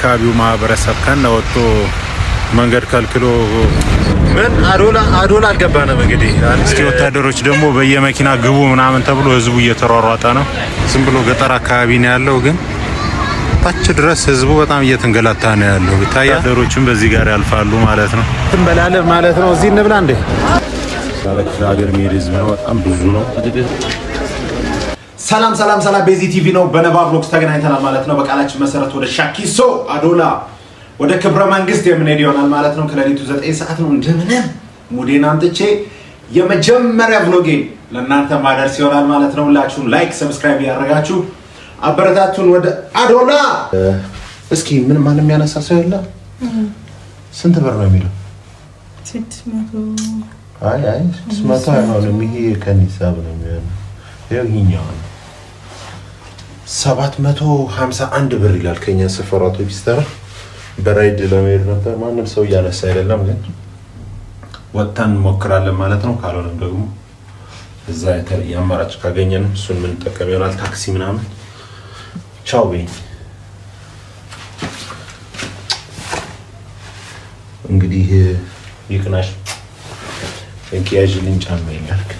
የአካባቢው ማህበረሰብ ከነ ወጥቶ መንገድ ከልክሎ ምን አዶላ አዶላ አልገባንም። እንግዲህ እስቲ ወታደሮች ደግሞ በየመኪና ግቡ ምናምን ተብሎ ህዝቡ እየተሯሯጠ ነው። ዝም ብሎ ገጠር አካባቢ ነው ያለው፣ ግን ታች ድረስ ህዝቡ በጣም እየተንገላታ ነው ያለው። ይታያ ወታደሮችም በዚህ ጋር ያልፋሉ ማለት ነው። ትንበላለን ማለት ነው። እዚህ እንብላ እንዴ ማለት ሀገር የሚሄድ ህዝብ ነው። በጣም ብዙ ነው። ሰላም ሰላም ሰላም፣ ቤዚ ቲቪ ነው። በነባ ብሎግስ ተገናኝተናል ማለት ነው። በቃላችን መሰረት ወደ ሻኪሶ አዶላ ወደ ክብረ መንግስት የምንሄድ ይሆናል ማለት ነው። ከሌሊቱ ዘጠኝ ሰዓት ነው። እንደምንም ሙዴን አምጥቼ የመጀመሪያ ብሎጌ ለእናንተ ማደርስ ይሆናል ማለት ነው። ሁላችሁም ላይክ፣ ሰብስክራይብ ያደረጋችሁ አበረታቱን። ወደ አዶላ እስኪ ምን ማንም ያነሳ ሰው የለ። ስንት ብር ነው የሚለው? አይ አይ ስድስት መቶ አይሆንም። ይሄ ከኒሳብ ነው የሚሆነው። ይኸው ይኸኛው ነው ሰባት መቶ ሀምሳ አንድ ብር ይላል። ከኛ ሰፈር አውቶቢስ ተራ በራይድ ለመሄድ ነበር። ማንም ሰው እያነሳ አይደለም፣ ግን ወጥተን እንሞክራለን ማለት ነው። ካልሆነም ደግሞ እዛ የተለየ አማራጭ ካገኘን እሱን የምንጠቀም ይሆናል። ታክሲ ምናምን ቻው ቤ እንግዲህ ይቅናሽ እንቅያዥ ያዥልኝ ጫማ ይኛልክ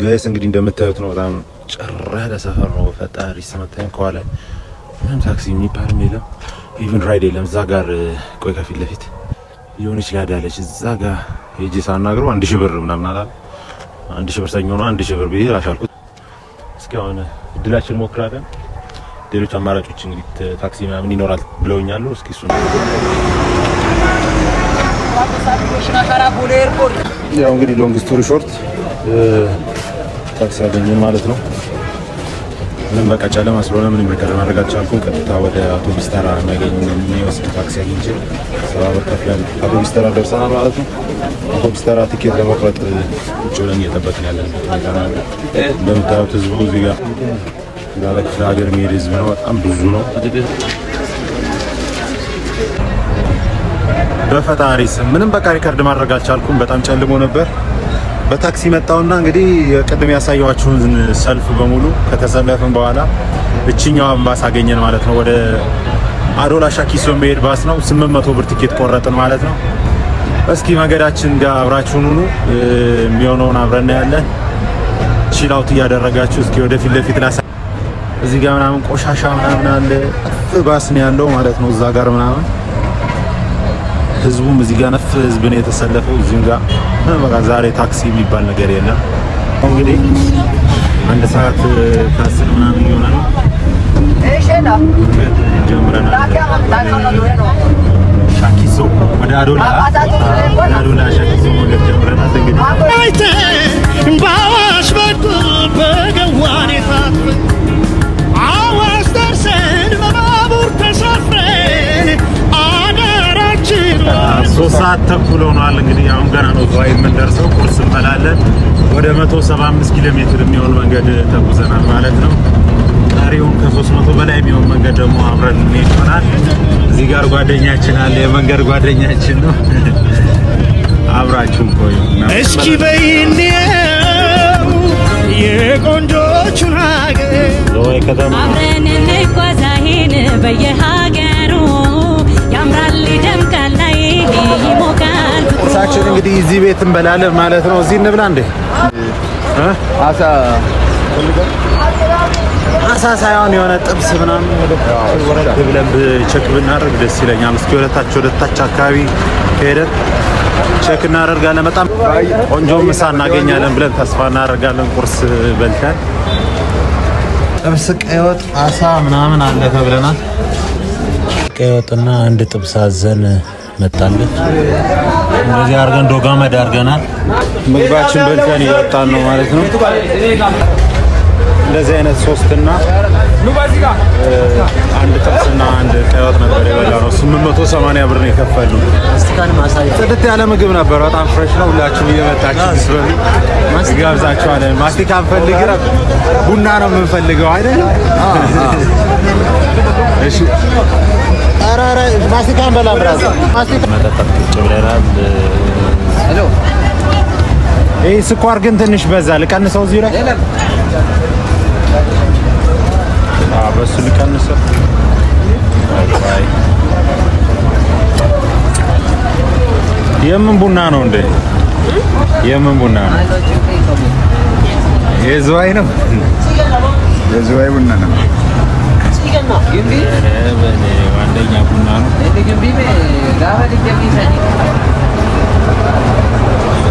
ጋይስ እንግዲህ እንደምታዩት ነው። በጣም ጭር ያለ ሰፈር ነው። ፈጣሪ ስመታኝ ከኋላ ምንም ታክሲ የሚባልም የለም፣ ኢቭን ራይድ የለም። እዛ ጋር ቆይ ከፊት ለፊት ሊሆን ይችላል ያለች እዛ ጋር ሄጄ ሳናግረው አንድ ሺህ ብር ምናምን አላለ። አንድ ሺህ ብር ሰኞ ነው አንድ ሺህ ብር ብዬ አሻልኩት። እስኪ አሁን እድላችን ሞክራለን። ሌሎች አማራጮች እንግዲህ ታክሲ ምናምን ይኖራል ብለውኛሉ። እስኪ እሱ ያው እንግዲህ ሎንግ ስቶሪ ሾርት ታክሲ ያገኘን ማለት ነው። ምንም በቃ ጨለማ ስለሆነ ምንም ነገር ማድረግ አልቻልኩም። ቀጥታ ወደ አውቶቢስ ተራ የሚያገኝ የሚወስድ ታክሲ አግኝቼ ሰባ ብር ከፍለን አውቶቢስ ተራ ደርሰናል ማለት ነው። አውቶቢስ ተራ ትኬት ለመቁረጥ ውጭ ብለን እየጠበቅን ያለንበት እንደምታዩት ህዝቡ እዚህ ጋር እንዳለ ክፍለ ሀገር የሚሄድ ህዝብ ነው። በጣም ብዙ ነው። በፈጣሪ ስም ምንም በቃ ሪከርድ ማድረግ አልቻልኩም። በጣም ጨልሞ ነበር። በታክሲ መጣውና እንግዲህ ቅድም ያሳየኋችሁን ሰልፍ በሙሉ ከተሰለፍን በኋላ እችኛዋን ባስ አገኘን ማለት ነው። ወደ አዶላ ሻኪሶ የሚሄድ ባስ ነው። 800 ብር ትኬት ቆረጥን ማለት ነው። እስኪ መንገዳችን ጋር አብራችሁን ሁኑ። የሚሆነውን አብረን እናያለን። ቺላውት እያደረጋችሁ እስኪ ወደፊት ለፊት ላሳ እዚህ ጋር ምናምን ቆሻሻ ምናምን አለ። ባስ ነው ያለው ማለት ነው እዛ ጋር ምናምን ህዝቡም እዚህ ጋር ነፍ ህዝብ ነው የተሰለፈው። እዚህም ጋር በቃ ዛሬ ታክሲ የሚባል ነገር የለም። እንግዲህ አንድ ሰዓት ከአስር ምናምን ይሆናል ጀምረናል። ሻኪሶ ወደ አዶላ አዶላ ሻኪሶ መንገድ ጀምረናል። እንግዲህ ባዋሽ በገዋኔ ሶስት ሰዓት ተኩል ሆኗል። እንግዲህ አሁን ገና ነው ዱባይ የምንደርሰው። ቁርስ እንበላለን። ወደ 175 ኪሎ ሜትር የሚሆን መንገድ ተጉዘናል ማለት ነው። ቀሪውን ከ300 በላይ የሚሆን መንገድ ደግሞ አብረን እንሄድ ይሆናል። እዚህ ጋር ጓደኛችን አለ። የመንገድ ጓደኛችን ነው። አብራችሁን ቆዩ። እስኪ በይኔ የቆንጆቹን ሀገር ከተማ አብረን እንጓዛ ይሄን በየሀገር ምሳችን እንግዲህ እዚህ ቤት እንበላለን ማለት ነው። እዚህ እንብላ እንዴ? አሳ አሳ ሳይሆን የሆነ ጥብስ ምናምን ወረድ ብለን ቼክ ብናደርግ ደስ ይለኛል። እስኪ ወደታች ወደታች አካባቢ ከሄደን ቼክ እናደርጋለን። በጣም ቆንጆ ምሳ እናገኛለን ብለን ተስፋ እናደርጋለን። ቁርስ በልተን ጥብስ፣ ቀይ ወጥ፣ አሳ ምናምን አለ ተብለናል። ቀይ ወጥና አንድ ጥብስ አዘን መጣለች። እንደዚህ አድርገን ዶጋመድ አድርገናል። ምግባችን በልተን እየወጣን ነው ማለት ነው። እንደዚህ አይነት ሶስትና አንድ ጥብስና አንድ ቀይወጥ ነበር የበላ ነው። 880 ብር ነው የከፈልነው። ጽድት ያለ ምግብ ነበር። በጣም ፍሬሽ ነው። ሁላችሁ እየመጣችሁ ስበሉ ጋብዛችኋለን። ማስቲካ እንፈልግ፣ ቡና ነው የምንፈልገው አይደል? እሺ ይህ ስኳር ግን ትንሽ በዛ። ልቀንሰው እዚህ ላይ በሱ ልቀንሰው። የምን ቡና ነው እንዴ? የምን ቡና ነው? የዝዋይ ነው። የዝዋይ ቡና ነው። እንደኛ ቡና ነው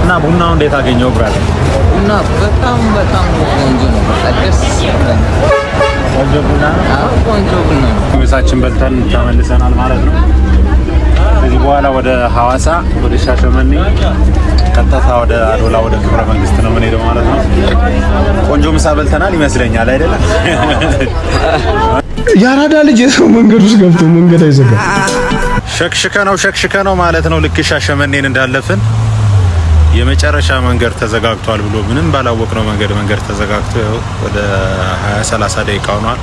እና ቡናው እንዴት አገኘው? ብራለ ቡና በጣም በጣም ቆንጆ ነው። ቡና ቆንጆ ቡና ምሳችን በልተን ተመልሰናል ማለት ነው። ከዚህ በኋላ ወደ ሀዋሳ ወደ ሻሸመኔ ቀጥታ ወደ አዶላ ወደ ክብረ መንግስት ነው የምንሄደው ማለት ነው። ቆንጆ ምሳ በልተናል ይመስለኛል አይደለም? ያራዳ ልጅ የሰው መንገድ ውስጥ ገብቶ መንገድ አይዘጋ። ሸክሽከ ነው ሸክሽከ ነው ማለት ነው። ልክ ሻሸመኔን እንዳለፍን የመጨረሻ መንገድ ተዘጋግቷል ብሎ ምንም ባላወቅ ነው መንገድ መንገድ ተዘጋግቶ ወደ 20 30 ደቂቃ ሆኗል።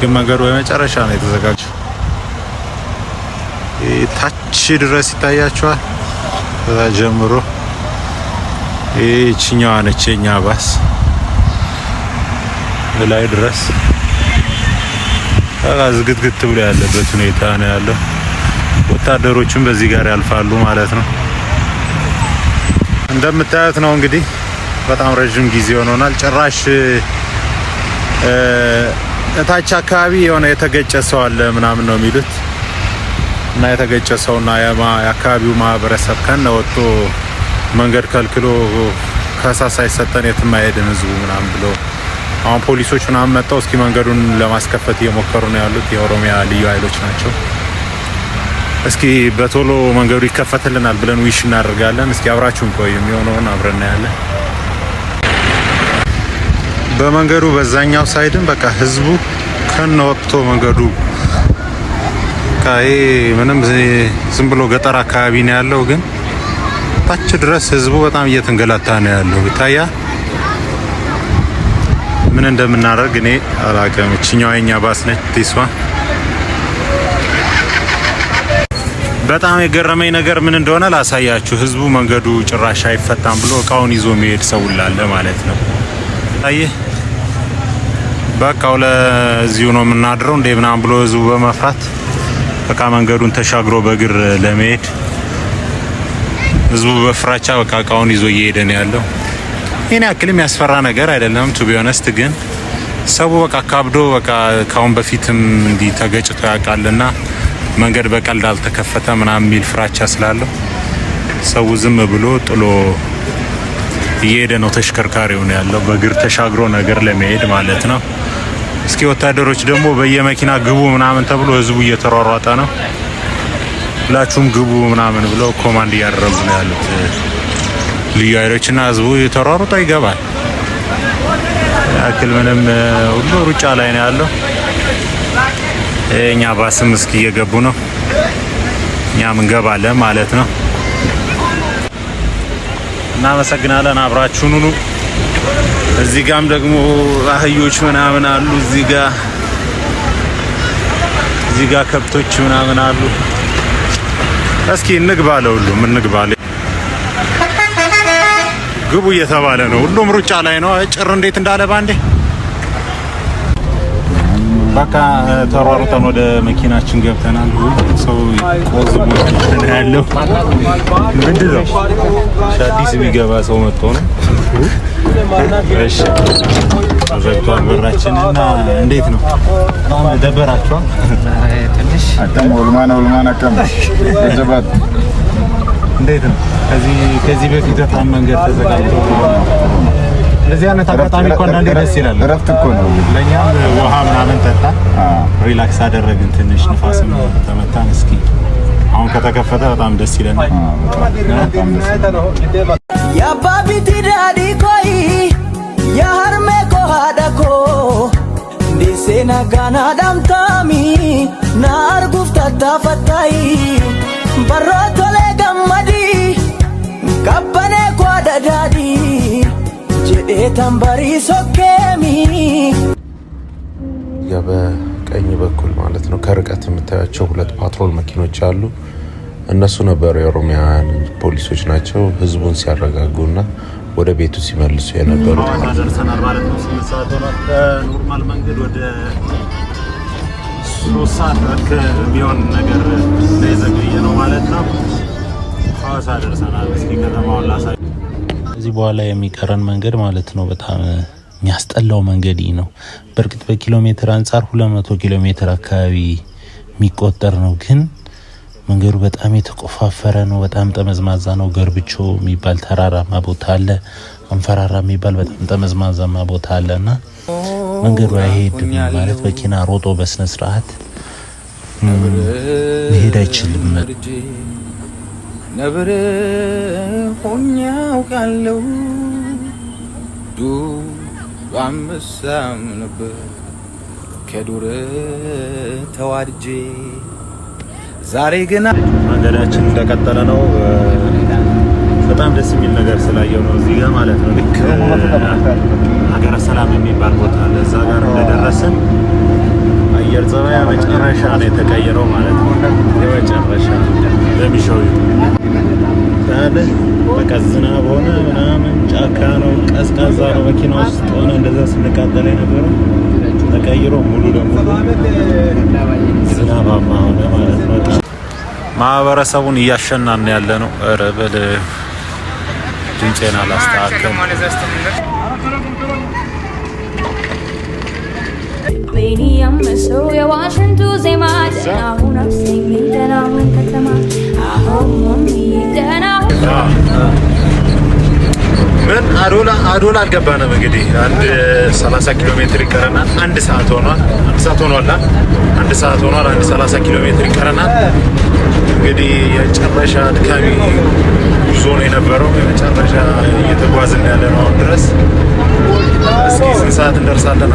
ግን መንገዱ የመጨረሻ ነው የተዘጋጀው። ታች ድረስ ይታያችኋል። ከዛ ጀምሮ ይህችኛዋ ነች የኛ ባስ ላይ ድረስ ዝግትግት ብሎ ያለበት ሁኔታ ነው ያለው። ወታደሮቹም በዚህ ጋር ያልፋሉ ማለት ነው። እንደምታዩት ነው እንግዲህ በጣም ረዥም ጊዜ ሆኖናል። ጭራሽ እታች አካባቢ የሆነ የተገጨ ሰው አለ ምናምን ነው የሚሉት እና የተገጨ ሰውና የአካባቢው ማህበረሰብ ከነ ወጥቶ መንገድ ከልክሎ ከሳሳይ ሰጠን የትም አይሄድም ህዝቡ ምናምን ብሎ አሁን ፖሊሶች ምናምን መጣው እስኪ መንገዱን ለማስከፈት እየሞከሩ ነው ያሉት የኦሮሚያ ልዩ ኃይሎች ናቸው። እስኪ በቶሎ መንገዱ ይከፈትልናል ብለን ዊሽ እናደርጋለን። እስኪ አብራችሁን ቆዩ፣ የሚሆነውን አብረን እናያለን። በመንገዱ በዛኛው ሳይድም በቃ ህዝቡ ከነ ወጥቶ መንገዱ ይሄ ምንም ዝም ብሎ ገጠር አካባቢ ነው ያለው፣ ግን ታች ድረስ ህዝቡ በጣም እየተንገላታ ነው ያለው ይታያል። ምን እንደምናደርግ እኔ አላውቅም። እችኛዋ የኛ ባስ ነች ቲስዋ። በጣም የገረመኝ ነገር ምን እንደሆነ ላሳያችሁ። ህዝቡ መንገዱ ጭራሽ አይፈታም ብሎ እቃውን ይዞ የሚሄድ ሰውላለ ማለት ነው። አየህ በቃ ለዚሁ ነው የምናድረው እንደ ምናምን ብሎ ህዝቡ በመፍራት በቃ መንገዱን ተሻግሮ በእግር ለመሄድ ህዝቡ በፍራቻ በቃ እቃውን ይዞ እየሄደ ነው ያለው። ይህን ያክል የሚያስፈራ ነገር አይደለም። ቱ ቢሆነስት ግን ሰው በቃ ካብዶ በቃ ካሁን በፊትም እንዲ ተገጭቶ ያውቃልና መንገድ በቀልድ አልተከፈተ ምናምን የሚል ፍራቻ ስላለው ሰው ዝም ብሎ ጥሎ እየሄደ ነው። ተሽከርካሪው ነው ያለው በእግር ተሻግሮ ነገር ለመሄድ ማለት ነው። እስኪ ወታደሮች ደግሞ በየመኪና ግቡ ምናምን ተብሎ ህዝቡ እየተሯሯጠ ነው። ሁላችሁም ግቡ ምናምን ብለው ኮማንድ እያደረጉ ነው ያሉት። ልዩ ኃይሎችና ህዝቡ ተሯሩጦ ይገባል። ያክል ምንም ሁሉ ሩጫ ላይ ነው ያለው። እኛ ባስም እስኪ እየገቡ ነው፣ እኛም እንገባለን ማለት ነው። እናመሰግናለን አብራችሁን ሁኑ። እዚህ ጋም ደግሞ አህዮች ምናምን አሉ። እዚህ ጋ እዚህ ጋ ከብቶች ምናምን አሉ። እስኪ እንግባለ፣ ለሁሉም እንግባ። ግቡ እየተባለ ነው። ሁሉም ሩጫ ላይ ነው። ጭር እንዴት እንዳለ ባንዴ በቃ ተሯሩጠን ወደ መኪናችን ገብተናል። ሰው ቆዝቦ ያለው ምንድን ነው? አዲስ የሚገባ ሰው መጥቶ ነው። እሺ ዘግቷል በራችን እና እንዴት ነው? ደበራችኋል? ትንሽ አጠም ወልማና ወልማና እንዴት ነው? ከዚህ በፊት በጣም መንገድ ተዘጋጅቶ እንደዚህ አይነት አጋጣሚ እኮ አንዳንዴ ደስ ይላል። እረፍት እኮ ነው። ለእኛም ውሃ ምናምን ጠጣ፣ ሪላክስ አደረግን፣ ትንሽ ንፋስም ተመታን። እስኪ አሁን ከተከፈተ በጣም ደስ ይለናል። የአባቢቲ ዳዲ ኮይ የሀርሜ ኮሃዳኮ ዲሴ ነጋና ዳምታሚ ናርጉፍ ታታፈታይ በሮት Kabbanee kwaadadaadhi jedhee tanbarii sokkeemi ያ በቀኝ በኩል ማለት ነው። ከርቀት የምታያቸው ሁለት ፓትሮል መኪኖች አሉ። እነሱ ነበሩ የኦሮሚያን ፖሊሶች ናቸው ህዝቡን ሲያረጋጉና ወደ ቤቱ ሲመልሱ የነበሩት። ደርሰናል ማለት ነው። ስምንት ሰዓት ሆኗል። በኖርማል መንገድ ወደ ሶስት ሰዓት የሚሆን ነገር ዘገየ ነው ማለት ነው። ሐዋሳ ደርሰናል። እስኪ ከተማውን ላሳይ። እዚህ በኋላ የሚቀረን መንገድ ማለት ነው በጣም የሚያስጠላው መንገድ ይህ ነው። በእርግጥ በኪሎ ሜትር አንጻር 200 ኪሎ ሜትር አካባቢ የሚቆጠር ነው፣ ግን መንገዱ በጣም የተቆፋፈረ ነው። በጣም ጠመዝማዛ ነው። ገርብቾ የሚባል ተራራማ ቦታ አለ። አንፈራራ የሚባል በጣም ጠመዝማዛማ ቦታ አለ እና መንገዱ አይሄድም ማለት መኪና ሮጦ በስነስርዓት መሄድ አይችልም። ነብር ሆኜ አውቃለሁ ዱር አንበሳም ነበር ከዱር ተዋድጄ ዛሬ ግን መንገዳችን እንደቀጠለ ነው። በጣም ደስ የሚል ነገር ስላየው ነው እዚህ ጋር ማለት ነው። ልክ ሀገረ ሰላም የሚባል ቦታ አለ። እዛ ጋር እንደደረስን አየር ጸባያ መጨረሻ ነው የተቀየረው ማለት ነው። መጨረሻ ለሚሸው በቃ ዝናብ ሆነ ምናምን ጫካ ነው፣ ቀዝቃዛ ነው። መኪና ውስጥ ሆነ እንደዛ ስንቃጠል የነበረው ተቀይሮ ሙሉ ለሙሉ ዝናባማ ሆነ ማለት ነው። ማህበረሰቡን እያሸናን ያለ ነው። ረበል በል ድምፄን ቤኒ ያመሰው የዋሽንቱ ዜማ ደናሁን አሰኝ ደናሁን ከተማ አሁን ምን አዶላ አዶላ አልገባንም። እንግዲህ አንድ 30 ኪሎ ሜትር ይቀረናል። አንድ ሰዓት ሆኗል። አንድ ሰዓት ሆኗል። አንድ ሰዓት ሆኗል። አንድ 30 ኪሎ ሜትር ይቀረናል። እንግዲህ የመጨረሻ አድካሚ ጉዞ ነው የነበረው። የመጨረሻ እየተጓዝን ያለ ነው አሁን ድረስ። እስኪ ስንት ሰዓት እንደርሳለን?